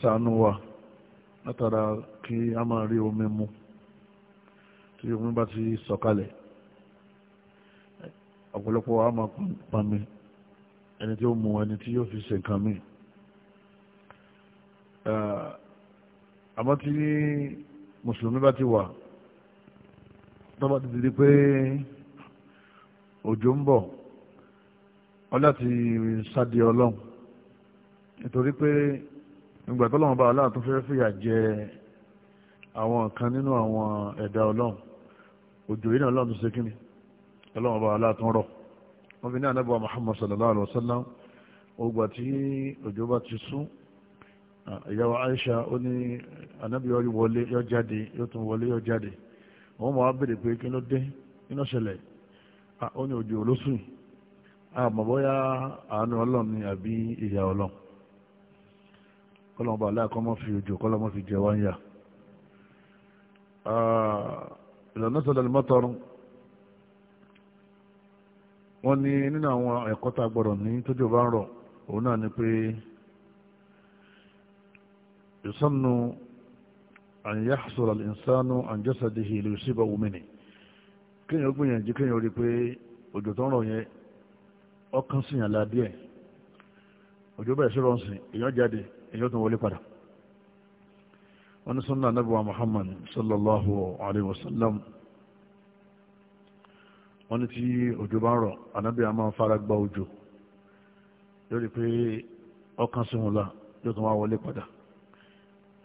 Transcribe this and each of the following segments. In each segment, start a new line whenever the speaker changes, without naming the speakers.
ṣàánú wa látara kí a máa rí omi mu tí omi bá ti sọ̀kalẹ̀ ọ̀pọ̀lọpọ̀ a máa pami ẹni tí ó mu ẹni tí yóò fi ṣe nǹkan míì àmọ́ tí mùsùlùmí bá ti wà tó bá ti di pé òjò ń bọ̀ ọ láti sáde ọlọ́run nítorí pé nígbà tó lọ́wọ́ bá aláà tó fẹ́ẹ́ fìyà jẹ àwọn kan nínú àwọn ẹ̀dá ọlọ́run òjò yìí náà ọlọ́run tó ṣe kíni ọlọ́run bá aláà tó ń rọ̀ wọ́n fi ní anábọ̀ Muhammad sallallahu alayhi wa sallam ogbà tí òjò bá ti sún ìyàwó Aisha ó ní anábì yọ wọlé yọ jáde yóò tún wọlé yọ jáde wọ́n mọ̀ á bèrè pé kí ló dé iná ṣẹlẹ̀ ó ní òjò olóṣù àmọ́ àánú ọlọ́run ni àbí ìyà ọlọ́run kọ́lọ́mọba aláàkọ́ mọ́ fi ojú kọ́lọ́mọ́ fi jẹ wáyà ìlànà sọ̀dọ̀ ni mọ́tọ́rún wọ́n ní nínú àwọn ẹ̀kọ́ tá a gbọ́dọ̀ ní tójò bá ń rọ̀ òun náà ni pé ìsọ́nù àyàṣọ́rọ̀ ìsánú àjọsàdìhì ìlú síbà òmìnir kéèyàn gbìyànjú kéèyàn rí pé òjò tó ń rọ̀ yẹn ọkàn síyàn ládìẹ́ òjò bẹ̀rẹ̀ sí rọ́ọ̀sì èèyàn jáde èèyàn tó wọlé padà wọ́n ní sunna nabi wa muhammad sallallahu alayhi wa sallam wọ́n ní tí òjò bá ń rọ̀ anábì a máa fara gba òjò lórí pé ọkàn sí wọn la yóò tún wá wọlé padà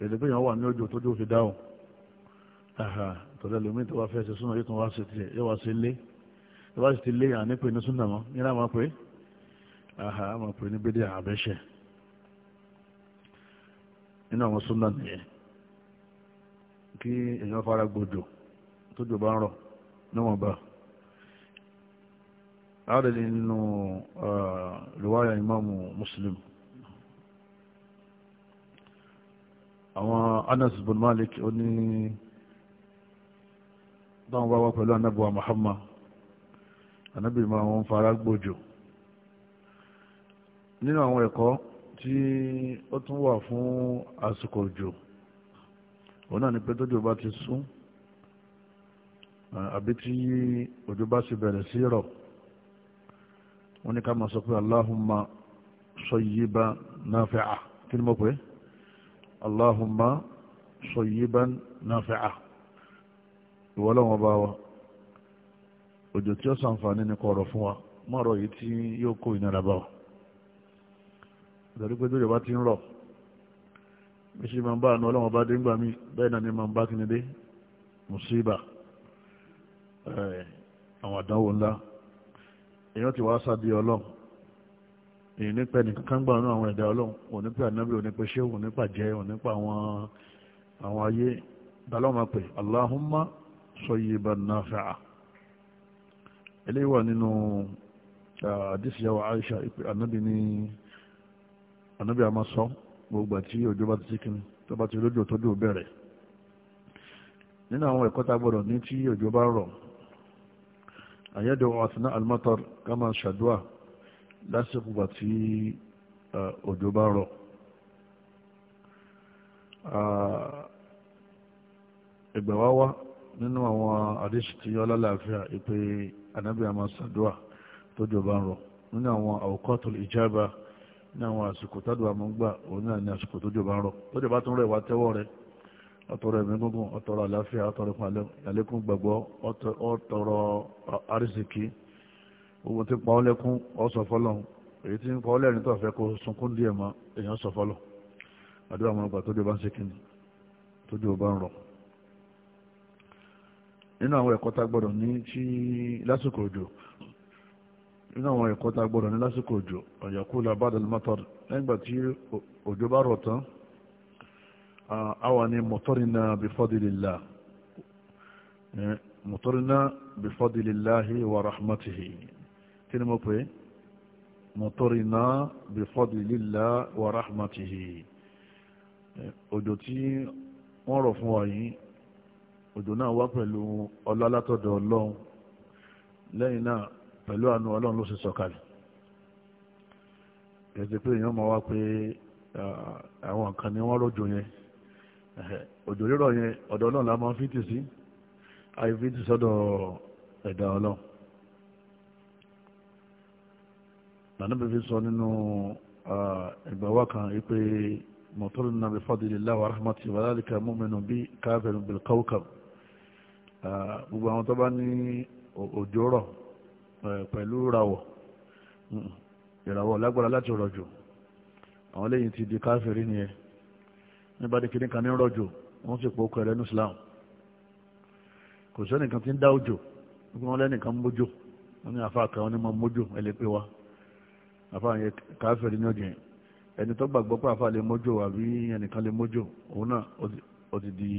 èdè pé èèyàn wà ní òjò tójú fi dáhùn tọ́lá lómi tó bá fẹ́ ṣe súnà yóò tún wá ṣe tiẹ̀ yóò wá ṣe lé yóò wá ṣe ti lé ànípe ní súnà mọ́ ní láwọn aha a máa pè ní bídíà àbẹ́ṣẹ̀ nínú àwọn súnà nìyẹn kí èèyàn fara gbòdò tó jò bá ń rọ̀ níwọ̀n bá àádọ́lẹ̀ nínú riwaya imamu muslim àwọn anas bin malik ó ní dáwọn bá wá pẹ̀lú anábùwà muhammad anábì máa ń fara gbòdò nínú àwọn ẹ̀kọ́ tí ó tún wà fún àsìkò òjò òun náà ni pé tójò bá ti sún àbí tí òjò bá sì bẹ̀rẹ̀ sí rọ̀ wọ́n ní ká máa sọ pé Allahumma sayyiban nafi'a kí ni mo pè é Allahumma sayyiban nafi'a ìwọ́lọ́wọ́n bá wa òjò tí ó ṣàǹfààní ni kọ̀ọ̀rọ̀ fún wa mọ́rọ̀ yìí tí yóò kó ìnira bá wa ìdàrí pé tójọba ti ń rọ̀ bí ṣe máa ń bá àánú ọlọ́wọ́n bá dé ńgbà mí bẹ́ẹ̀ náà ni máa ń bá kíni dé mùsíbà eh, àwọn àdánwò ńlá èèyàn ti wá sáàdì ọlọ́run èyí nípa ẹnìkan gbà nínú àwọn ẹ̀dá ọlọ́run òní pé ànábì òní pé ṣéwù òní pàjẹ́ àwọn ayé dalọ́mà pé Allahumma sayyiban nafi'a eléyìí wà nínú ah, àdìsíyàwó Aisha ìpè ànábì ní ànábì àmọ́ sọ gbogbo àti òjò bá ti sí kíni tó bá ti lójò tó dùn bẹ̀rẹ̀ nínú àwọn ẹ̀kọ́ tá gbọ́dọ̀ ní tí òjò bá rọ̀ àyẹ́dọ̀ àtúná almatar ká máa ṣàdúà lásìkò gbà tí òjò bá rọ̀ ẹgbẹ̀ wá wá nínú àwọn àdéṣì tí yọ́ lálàáfíà ìpè ànábì àmọ́ ṣàdúà tójò bá ń rọ̀ nínú àwọn àwòkọ́tò ìjábà ní àwọn àsìkò tádùn àmúgbà òun náà ní àsìkò tó jọba rọ tó jọba tún rẹ̀ wá tẹ́wọ́ rẹ̀ ọ̀tọ̀rọ̀ ẹ̀mí gúngùn ọ̀tọ̀rọ̀ àlàáfíà ọ̀tọ̀rọ̀ ìpàlẹ̀kùn gbàgbọ́ ọ̀tọ̀rọ̀ àrísìkí ogun tí pa ọ́ lẹ́kún ọ̀sọ̀ fọ́lọ̀ èyí tí ń pa ọ́ lẹ́rìn tó fẹ́ kó sunkún díẹ̀ mọ́ èèyàn sọ fọ́lọ̀ àdúrà àwọn tó jọba ń ṣe kíni tó jọba ń rọ nínú àwọn ẹ̀kọ́ tá gbọ́dọ̀ ní nínú àwọn ẹ̀kọ́ tá a gbọ́dọ̀ ní lásìkò òjò ọ̀yàkúlà bàdàl mọ́tọ́r nígbà tí òjò bá rọ̀ tán àwa ni mọ̀tọ́rìnà bífọ́dìlélà mọ̀tọ́rìnà bífọ́dìléláhi wà rahmatihi kí ni mo pè mọ̀tọ́rìnà bífọ́dìlélà wà rahmatihi òjò tí wọ́n rọ̀ fún wa yìí òjò náà wá pẹ̀lú ọlá ọlọ́run lẹ́yìn náà pẹ̀lú àánú ọlọ́run ló sì sọ̀kalẹ̀ ẹ̀sìn pé èèyàn máa wá pé àwọn nǹkan ni wọ́n rọ̀jò yẹn òjò rírọ̀ yẹn ọ̀dọ̀ ọlọ́run la máa fi tì sí àyè fi tì sọ́dọ̀ ẹ̀dá ọlọ́run nànàbẹ̀ fi sọ nínú ìgbà wá kan pé mọ̀tọ́rọ̀ náà bí fadlillahi wa rahmatihi wa dhalika mu'minun bí kafirun bil kawkab gbogbo àwọn tó bá ní òjò rọ̀ pẹ̀lú rawọ̀ ìràwọ̀ lágbára láti rọ̀jò àwọn lẹ́yìn ti di káfíìrì nìyẹn nígbà tí kìnnìkan ní rọ̀jò wọ́n sì pọ̀ kẹrẹ́ ní Islam kò sẹ́nìkan ti ń dá òjò wípé wọ́n lẹ́nìkan mójò wọ́n ní àfáà kan wọ́n ní máa mójò ẹlẹ́pẹ́ wa àfáà yẹn káfíìrì ní ọ̀jẹ̀ ẹni tó gbàgbọ́ pé àfáà lè mójò àbí ẹnìkan lè mójò òun náà ó ti di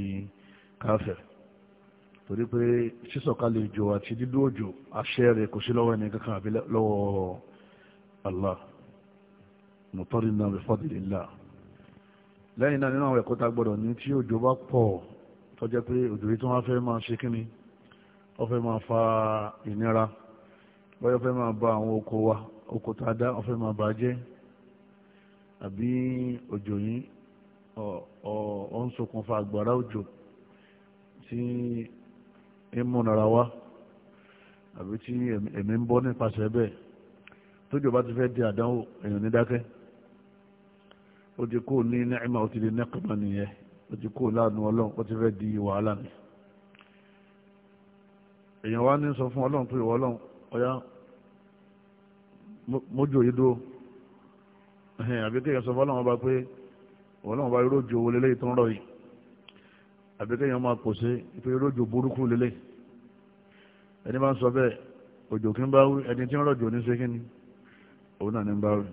káfíìrì torí pé sísọ̀kalẹ̀ òjò àti dídú òjò àṣẹ rẹ̀ kò sí lọ́wọ́ ẹni kankan àbí lọ́wọ́ Allah mọ̀tọ́rìnà bi fadlillah lẹ́yìn náà nínú àwọn ẹ̀kọ́ tá gbọ́dọ̀ ní tí òjò bá pọ̀ tó pé òjò yìí tó wá fẹ́ máa ṣe kíni ó fẹ́ máa fa ìnira bóyá fẹ́ máa ba àwọn oko wa oko tá a dá ó fẹ́ máa bà jẹ́ àbí òjò yìí ó ń ṣokùnfà àgbàrá òjò tí ìmúnara wá àbí tí èmi ń bọ́ nípasẹ̀ bẹ́ẹ̀ tójú bá ti fẹ́ di àdánwò èèyàn ní dákẹ́ ó ti kó ní nẹ́ẹ̀mà ó ti di nẹ́kùnmá nìyẹn ó ti kó láàánú ọlọ́run ó ti fẹ́ di wàhálà ni èèyàn wá ní sọ fún ọlọ́run pé ìwọ ọlọ́run ọ̀yá mójú òye dúró àbí kéèyàn sọ fún ọlọ́run ọba pé ọlọ́run ọba irú òjò wọlé lẹ́yìn tó ń rọ yìí àbí kéèyàn máa kò sí pé rójò burúkú lélẹ̀ ẹni bá ń sọ bẹ́ẹ̀ òjò kí ń bá wí ẹni tí ń rọ̀jò ní ṣé kíni òun náà ní ń bá wí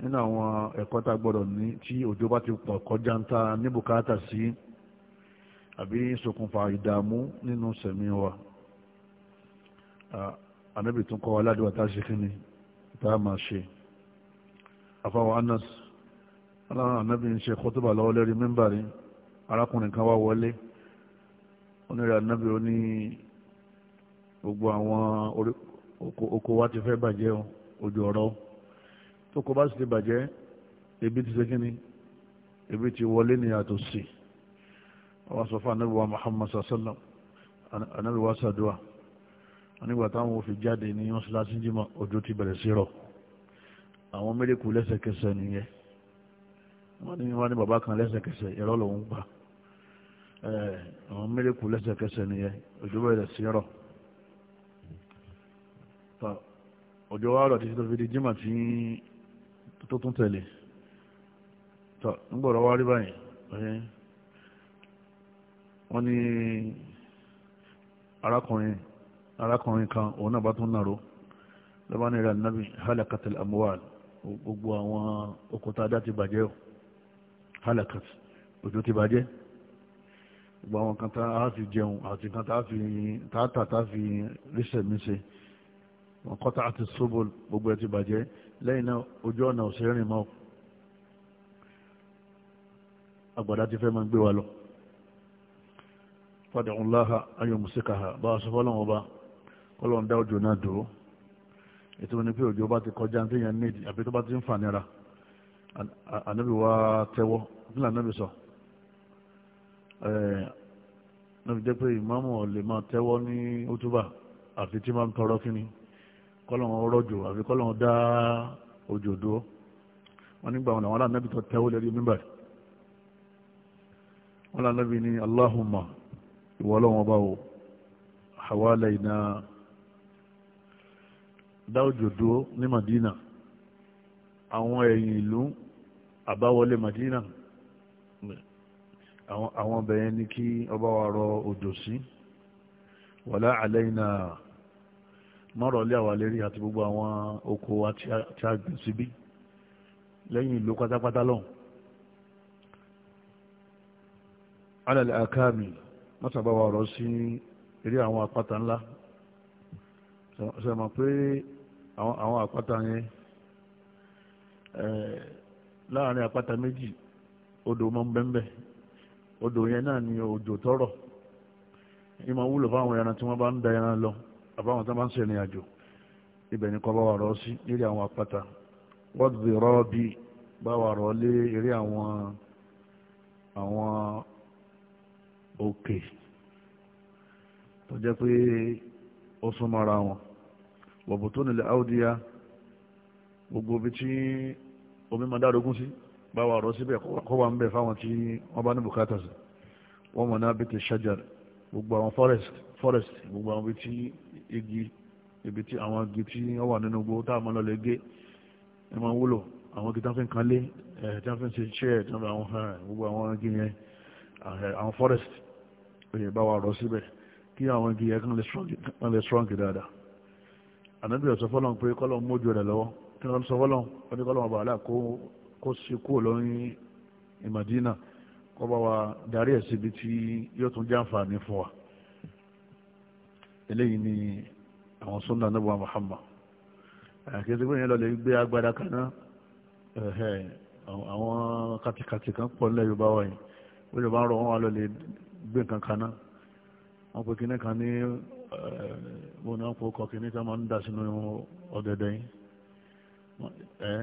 nínú àwọn ẹ̀kọ́ tá a gbọ́dọ̀ ní tí òjò bá ti pọ̀ kọjá ń ta ní bùkátà sí àbí ṣokùnfà ìdààmú nínú sẹ̀mí wa ànábì tún kọ́ aládùn àtàṣe kíni tá a máa ṣe àfàwọn anas aláwọn ànábì ń ṣe kótóbà lọ́wọ́ lẹ́rìí mímbàrí arákùnrin kan wá wọlé onírà nábì ó ní gbogbo àwọn oko wa ti fẹ́ bàjẹ́ o ojú ọ̀rọ̀ tó kọ bá sì ti bàjẹ́ ebi ti ṣe kíni ebi ti wọlé ní àtòsí wọ́n sọ fún anábìwá Muhammad sallam anábìwá sàdúà nígbà táwọn òfin jáde ní mọ́ṣáláṣí jímọ̀ òjò ti bẹ̀rẹ̀ sí rọ̀ àwọn mérekù lẹ́sẹ̀kẹsẹ̀ nìyẹn wọ́n ní wọ́n ní bàbá kan lẹ́sẹ̀kẹsẹ̀ ìrọ́ lòún àwọn mẹ́lẹ́kù lẹ́sẹ̀kẹsẹ̀ nìyẹn òjò bẹ̀rẹ̀ sí rọ̀ òjò wa rọ̀ di jímà tí tó tele tẹ̀lé tọ́ nígbọ̀rọ̀ wá rí báyìí wọ́n arákùnrin arákùnrin kan òun náà bá tún halakat al gbogbo àwọn okuta dá ti halakat òjò ti gbogbo àwọn kan tá a fi jẹun àti kan tá a fi tààtà tá a fi ríṣẹ̀ mi ṣe wọn kọ́ta àti sóbò gbogbo ẹ ti bàjẹ́ lẹ́yìn náà ojú ọ̀nà ọ̀sẹ̀ rìn mọ́ àgbàdá ti fẹ́ máa gbé wa lọ fadàun láha ayọ̀ mùsíkàhà bá a sọ fọ́lọ́wọ́ bá kọ́lọ́n dá òjò náà dúró ètò ní pé òjò bá ti kọjá ní téèyàn nídìí àbí tó bá ti ń fà nira ànábì wa tẹ́wọ́ nílànà bí sọ náà fi jẹ́ pé ìmáàmù ò lè máa tẹ́wọ́ ní ótúbà àfi tí máa ń tọrọ kíni kọ́lọ́hún rọ̀jò àfi kọ́lọ́hún dá òjò dúró wọ́n nígbà wọn làwọn aláàbí tó tẹ́wọ́ lórí mímbà wọ́n lànàbí ní aláhùnmá ìwọ ọlọ́wọ́n bá wò hawala iná dá òjò dúró ní Madina àwọn ẹ̀yìn ìlú àbáwọlé Madina. Yeah àwọn bẹ̀yẹn ní kí ọba wa rọ òjò sí wàlá àlẹ́yìnà mọ́rọ̀lẹ́ àwà lérí àti gbogbo àwọn oko wa tí a gbìn síbí lẹ́yìn ìlú pátápátá lọ́hùn alẹ́lẹ́ akáàmì mọ́sàbá wa rọ sí eré àwọn àpáta ńlá sọ̀rọ̀ pé àwọn àpáta yẹn eh, láàrin àpáta méjì odò mọ́ ń odò yẹn náà ni òjò tọrọ yìí máa wúlò fáwọn ẹran tí wọ́n bá ń da ẹran lọ àbáwọn tó bá ń ṣèrìn àjò ibẹ̀ ni kọ́ bá wà rọ́ sí lérí àwọn àpáta wọ́n ti rọ́ bí bá wà rọ́ lé eré àwọn àwọn òkè tó jẹ́ pé ó súnmọ́ra wọn wọ̀bù tó nílẹ̀ gbogbo ibi tí omi máa Si bá wà rọ́ síbẹ̀ kó wà ń bẹ̀ fáwọn tí wọ́n bá ní bùkátà sí wọ́n mọ̀ náà bí ti ṣájà gbogbo àwọn forest forest gbogbo àwọn ibi tí igi ibi tí àwọn igi tí wọ́n wà nínú gbogbo táwọn máa lọ lè gé ẹ máa wúlò àwọn igi tí wọ́n fi ń kan lé ẹ tí wọ́n fi ń ṣe chair tí wọ́n fi àwọn hàn gbogbo àwọn igi yẹn àwọn forest òye bá wà rọ́ síbẹ̀ kí àwọn igi yẹn kan lè strong dáadáa ànábìyàn sọ fọlọ́n pé kọ́lọ́n mójú rẹ̀ lọ́wọ́ kí wọ́n sọ fọlọ́n wọ́n ní kọ́lọ́n ọba àlà kó kó sì kúrò lórí ìmọ̀dínà kó bá wa darí ẹ̀ síbi tí yóò tún jẹ́ àǹfààní fún wa eléyìí ni àwọn sunna níbo Muhammad àkẹ́sí pé yẹn lọ lè gbé agbada kaná àwọn kàtìkàtì kan pọ̀ nílẹ̀ Yorùbá wa yìí ó lè bá ń rọ wọn wá lọ lè gbé nǹkan kaná wọn pe kínní kan ní wọn náà kó kọ kínní kan máa ń dà sínú ọ̀dẹ̀dẹ̀ yìí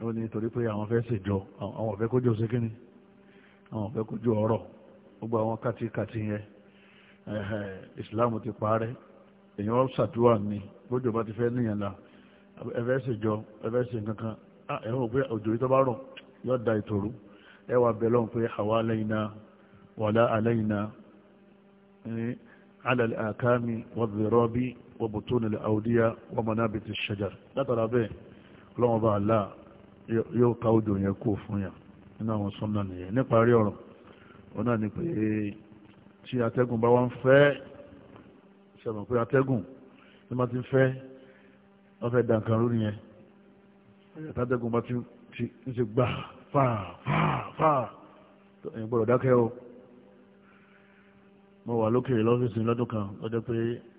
ó ní torí pé àwọn fẹ́ ṣèjọ àwọn ọ̀fẹ́ kójú ọ̀sẹ̀ kínní àwọn ọ̀fẹ́ kójú ọ̀rọ̀ gbogbo àwọn kàtìkàtì yẹn ìsìláàmù ti parẹ́ èèyàn ṣàdúrà ni gbọ́dọ̀ bá ti fẹ́ níyàn la ẹ̀fẹ́ ṣèjọ ẹ̀fẹ́ ṣe kankan ẹ̀hún òpin òjò yìí tó bá rọ̀ yóò da ìtòrú ẹ wà bẹ̀ lọ́hùn pé àwa alayna wala alayna ala al-akami wadh-dhirabi wa butun al-awdiya wa manabit ash-shajar látara bẹ́ẹ̀ ọlọ́wọ́n bá a láà yóò ká odò yẹn kó fún yà nínú àwọn sọ́nà nìyẹn níparí ọ̀rọ̀ ó náà ni pé tí atẹ́gùn bá wá ń fẹ́ ṣẹ̀mọ̀ pé atẹ́gùn tí wọ́n ti fẹ́ wọ́n fẹ́ dànkan lórí yẹn atẹ́gùn bá ti ń ṣe gbà fáà fáà fáà ẹ̀yìn gbọ́dọ̀ dákẹ́ o mo wà lókèrè lọ́fíìsì lọ́dún kan lọ́jọ́ pé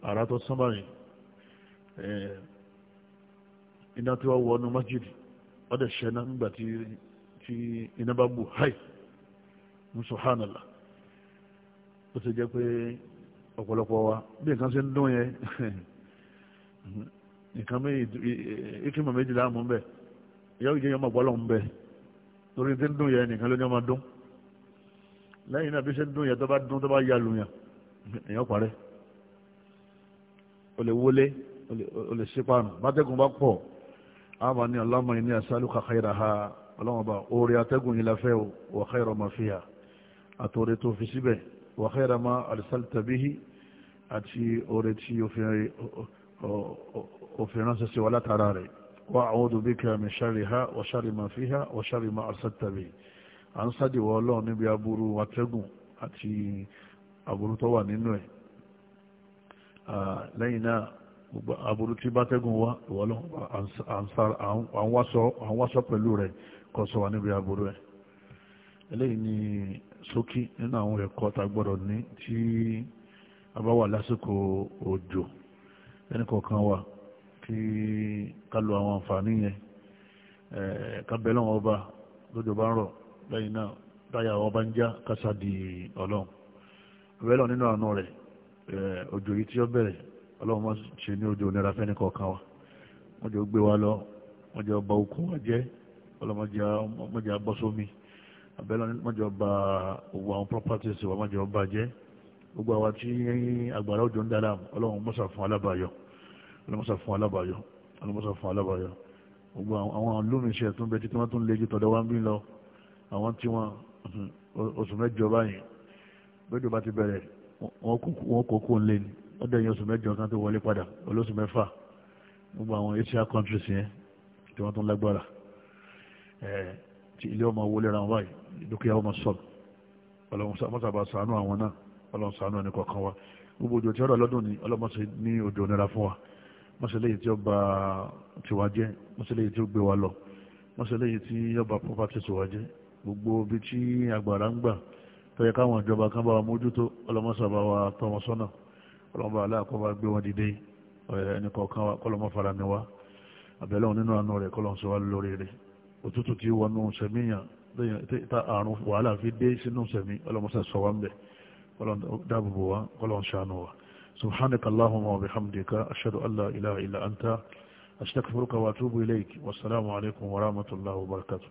àrà tó sánbà rìn iná tí wọ́n wọ ọdún masjid ọdẹ ṣẹna nígbà tí tí iná bá bù háì ń subhanallah ó ti jẹ́ pé ọ̀pọ̀lọpọ̀ wa bí nǹkan ṣe ń dún yẹn nǹkan ìkímọ̀ méjìlá mú bẹ́ẹ̀ ìyá òjò yẹn máa gbọ́ lọ́hùn bẹ́ẹ̀ torí ti ń dún yẹn nìkan ló ní ọmọ dún lẹ́yìn náà bí ṣe ń dún yẹn tó bá dún tó bá yà lùyàn èèyàn parẹ́ o lè wọlé o lè ṣe pààrọ̀ bátẹ́gùn bá pọ̀ àmà ní Allahumma inni as'aluka khayraha ọlọ́mọba orí atẹ́gùn yìí láfẹ́ wa khayra ma fiha àtòrè tó fi síbẹ̀ wa khayra ma arsalta bihi àti orí tí òfin ránṣẹ́ sí wa látara rẹ̀ wa a'udhu bika min sharriha wa sharri ma fiha wa sharri ma arsalta bihi à ń sádìwọ̀ ọlọ́run níbi aburú atẹ́gùn àti aburú tó wà nínú ẹ̀ lẹ́yìn náà gbogbo aburú tí bá tẹ́gùn wá ìwọ́lọ́ à pẹ̀lú rẹ̀ kọ́ sọ wà níbi ẹ̀ ni soki nínú àwọn ẹ̀kọ́ tá gbọ́dọ̀ ní tí a bá wà lásìkò òjò ẹnì kọ̀ọ̀kan wà kí ká lo àwọn àǹfààní yẹn ká ọba lójò bá ń rọ̀ lẹ́yìn ọba ń já kásá di ọlọ́run bẹ́ẹ̀ nínú àánú rẹ̀ òjò yìí tí ọlọ́run má ṣe ní ojú onira fẹ́ni kọ̀ọ̀kan wa wọ́n jọ gbé wa lọ wọ́n jọ ba okun wa jẹ́ ọlọ́run jẹ́ abọ́ sómi abẹ́lẹ́ wọ́n jọ ba òwò àwọn properties wa wọ́n jọ ba jẹ́ gbogbo àwa tí agbára òjò ń dára ọlọ́run mọ́sà fún alábàáyọ ọlọ́run mọ́sà fún alábàáyọ gbogbo àwọn alómìnṣẹ́ tó ń bẹ títí wọ́n tó ń léjì tọ̀dọ̀ wá ń bí lọ àwọn tí wọ́n oṣù mẹ́jọ báyìí bẹ́ẹ̀ bá ti bẹ̀rẹ̀ wọ́n kókó ń lé ni ọdọ yẹn oṣù mẹ́jọ kan tó wọlé padà olóṣù mẹ́fà gbogbo àwọn asia countries yẹn tí wọ́n tún lágbára tí ilé ọmọ wọlé ra wọn báyìí dúkìá ọmọ sọ̀rọ̀ ọlọ́mọsàbà sànú àwọn náà ọlọ́mọ ẹni kọ̀ọ̀kan wa gbogbo òjò tí ọ̀rọ̀ lọ́dún ni ọlọ́mọsẹ ní òjò nira fún wa mọ́sẹ̀lẹ́yìí tí ó bà tiwa jẹ́ mọ́sẹ̀lẹ́yìí tí ó gbé wa lọ mọ́sẹ̀lẹ́yìí tí ó bà tiwa jẹ́ gbogbo ibi tí agbára ń gbà tó káwọn ìjọba kan bá wa mójútó ọlọ́mọsàbà wa tọ́ wọn ọlọ́mọba aláàkọ́bá gbé wọn dìde ẹni kọ̀ọ̀kan wa kọ́lọ́mọ fara mi wá àbẹ̀lẹ́ nínú àánú rẹ̀ kọ́lọ́mọ sọ wá lórí rẹ̀ òtútù tí wọn nù sẹ́míyàn tá àrùn wàhálà fi dé sínú sẹ́mí ọlọ́mọsà sọ wá ń bẹ̀ kọ́lọ́mọ dáàbòbò wa kọ́lọ́mọ sànù wa subhanaka allahumma wa bihamdika ashhadu an la ilaha illa anta astaghfiruka